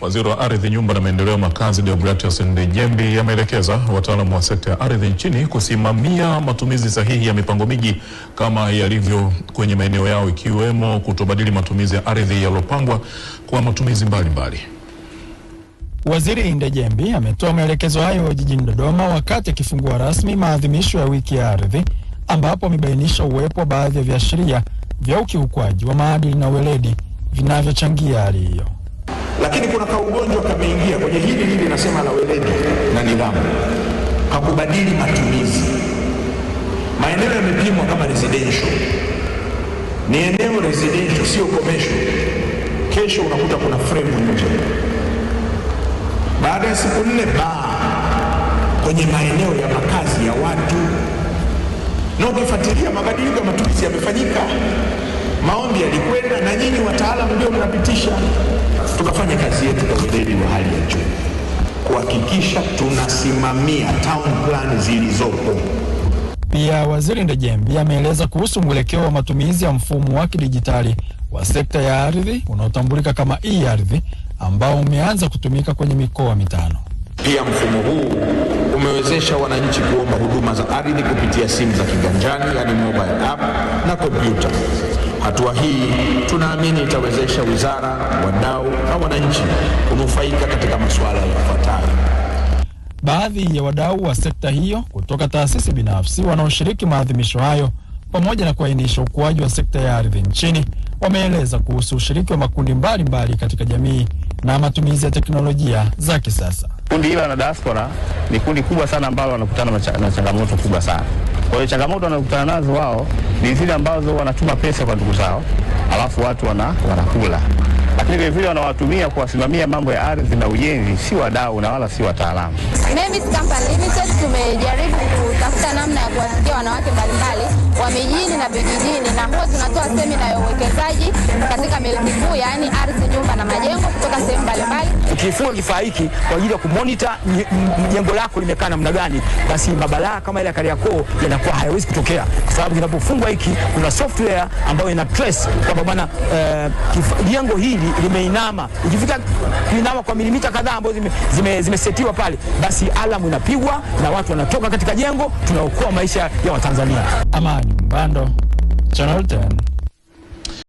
Waziri wa Ardhi, Nyumba na Maendeleo Makazi, Deogratias Ndejembi ameelekeza wataalamu wa sekta ya ardhi nchini kusimamia matumizi sahihi ya mipango miji kama yalivyo kwenye maeneo yao, ikiwemo kutobadili matumizi ya ardhi yaliyopangwa kwa matumizi mbalimbali. Waziri Ndejembi ametoa maelekezo hayo jijini Dodoma wakati akifungua rasmi maadhimisho ya wiki ya ardhi, ambapo amebainisha uwepo wa baadhi ya viashiria vya ukiukwaji wa maadili na weledi vinavyochangia hali hiyo. Lakini kuna kaugonjwa kameingia kwenye hili hili, nasema la weledi na nidhamu, kakubadili matumizi. Maeneo yamepimwa kama residential, ni eneo residential, sio commercial. Kesho unakuta kuna fremu nje, baada ya siku nne baa kwenye maeneo ya makazi ya watu, na ukifuatilia mabadiliko ya matumizi yamefanyika tena, na nyinyi wataalamu ndio mnapitisha. Tukafanya kazi yetu kwa weledi wa hali ya juu kuhakikisha tunasimamia town plan zilizopo. Pia Waziri Ndejembi ameeleza kuhusu mwelekeo wa matumizi ya mfumo wa kidijitali wa sekta ya ardhi unaotambulika kama e-ardhi ambao umeanza kutumika kwenye mikoa mitano. Pia mfumo huu umewezesha wananchi kuomba huduma za ardhi kupitia simu za kiganjani, yani mobile app na kompyuta. Hatua hii tunaamini itawezesha wizara, wadau na wananchi kunufaika katika masuala yafuatayo. Baadhi ya wadau wa sekta hiyo kutoka taasisi binafsi wanaoshiriki maadhimisho hayo pamoja na kuainisha ukuaji wa sekta ya ardhi nchini wameeleza kuhusu ushiriki wa makundi mbalimbali mbali katika jamii na matumizi ya teknolojia za kisasa. Kundi hilo la diaspora ni kundi kubwa sana ambalo wanakutana na changamoto kubwa sana kwa hiyo changamoto wanazokutana nazo wao ni zile ambazo wanatuma pesa kwa ndugu zao, alafu watu wana, wanakula lakini vile vile wanawatumia kuwasimamia mambo ya ardhi na ujenzi, si wadau na wala si wataalamu. Mavis Company Limited tumejaribu kutafuta namna ya kuwafikia wanawake mbalimbali wa mijini na vijijini, na huwa tunatoa semina ya uwekezaji katika miliki kuu, yaani ardhi, nyumba na majengo kutoka sehemu mbalimbali. Tukifunga kifaa hiki kwa ajili ya kumonita jengo lako limekaa namna gani, basi mabalaa kama ile ya Kariakoo yanakuwa hayawezi kutokea, kwa sababu kinapofungwa hiki kuna software ambayo ina trace kwamba bwana eh, jengo uh, hili limeinama. Ikifika kuinama kwa milimita kadhaa ambazo zimesetiwa zime, zime pale, basi alamu inapigwa na watu wanatoka katika jengo. Tunaokoa maisha ya Watanzania. Amani. Bando, Channel 10.